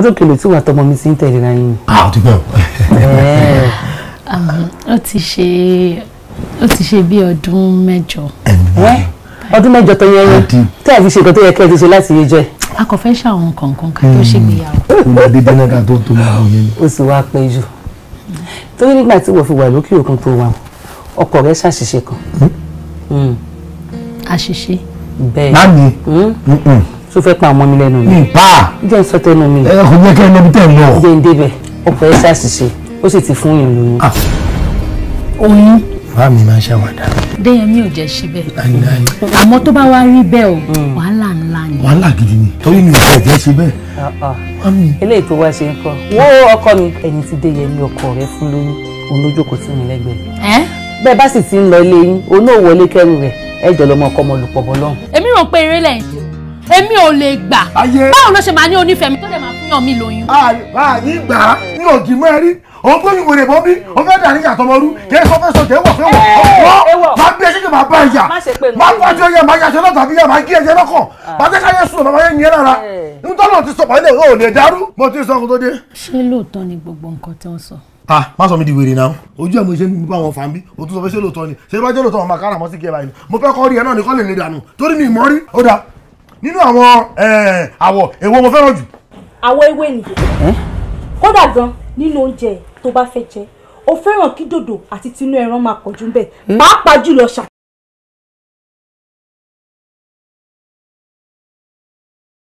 ọdún kìlọ̀ tí wàá tọmọ mi sí ń tẹ̀lé náà yín. Ah, àdúgbò. ó ti ṣe ó ti ṣe bí ọdún mẹ́jọ. wẹ́ ọdún mẹ́jọ tó yẹ yẹn tí a fi ṣe nǹkan tó yẹ kí ẹ ti ṣe láti yé jẹ. a kò fẹ́ ṣàwọn kankan ká tó ṣègbéyàwó. Hmm. ó máa dé dénú ká tó tó máa wọ̀nyẹn. ó sì wá pẹ́ jù torí nígbà tí wọ́n fi wà lókè òkun tó wà ọkọ rẹ̀ ṣàṣìṣe kan. Hmm. Hmm. àṣìṣe. bẹ́ẹ̀ ni tó fẹ́ pa ọmọ mi lẹ́nu mi. pa jẹ́ ń sọ tẹnu mi. ẹ kò jẹ́ kí ẹni tẹ̀ lọ. jẹ́ ń débẹ̀ ó fẹ́ ṣàṣìṣe ó sì ti fún yàn lóyún. oyún. bá mi máa ṣàwádà. déyẹn mi ò jẹ́ síbẹ̀. àmọ́ tó bá wá rí bẹ́ẹ̀ o hmm. wàhálà ńlá ni. wàhálà gidi ni torí mi ò fẹ́ jẹ́ síbẹ̀. eléyìí tó wá ṣe ń kọ wo ọkọ mi ẹni tí déyẹn mi ọkọ rẹ fún lóyún òun lójókòó tì mí lẹ́gbẹ̀ẹ́ bẹ́ẹ̀ bá sì ti ń lọ ilé yín òun náà wọlé kẹrù rẹ̀ ẹ jọ lọmọ ọkọ ọmọ olùpọ̀ bọ́ lọ́hùn. èmi rò pé eré lẹ́yìn èmi ò lè gbà báwo ló ṣe máa ní onífẹ̀mí tó dẹ̀ máa fún yàn mí lóyún. àyè gbà á ní òdì mọ́ ẹ rí òun tó yìnbọn ìbọn bí òun fẹ́ dàrí ìyàtọ̀ ọmọ ọdún kí ẹ sọ fẹ́ sọ jẹ́ wọ̀ fẹ́ wọ̀ wọ́ máa bí ẹṣin kì máa bá ìyà máa fọ́ àti oyè máa yàtọ̀ náà tàbí yà máa gé ẹ̀jẹ̀ lọ́kàn pàtẹ́ká ah. yẹn sùn bàbá yẹn yẹn lára nítorí náà ti sọ pàdé ò lè dàrú mo ti sọ kó tó dé. ṣé lóòótọ́ ni gbogbo nǹkan tí wọ́n sọ ah má sọ mi di wèrè náà ojú ẹ̀ mo ṣe ń bá wọn fà ń bí o tún sọ pé ṣé lóòótọ́ ni ṣé bá jẹ́ lóòótọ́ wọn máa kára mọ́ sí kí ẹ báyìí mo fẹ́ kọ́ rí ẹ náà ní kọ́ lè ní dànù torí mi ìmọ̀ rí ó dáa nínú àwọn àwọ̀ èwo mo fẹ́ràn jù. àwọ̀ ewé nìyẹn hm? kódà gan nínú oúnjẹ tó bá fẹ́ jẹ o fẹ́ràn kí dòdò àti tinú ẹran máa pọ̀ jù bẹ́ẹ̀ hm? pàápàá jùlọ ṣá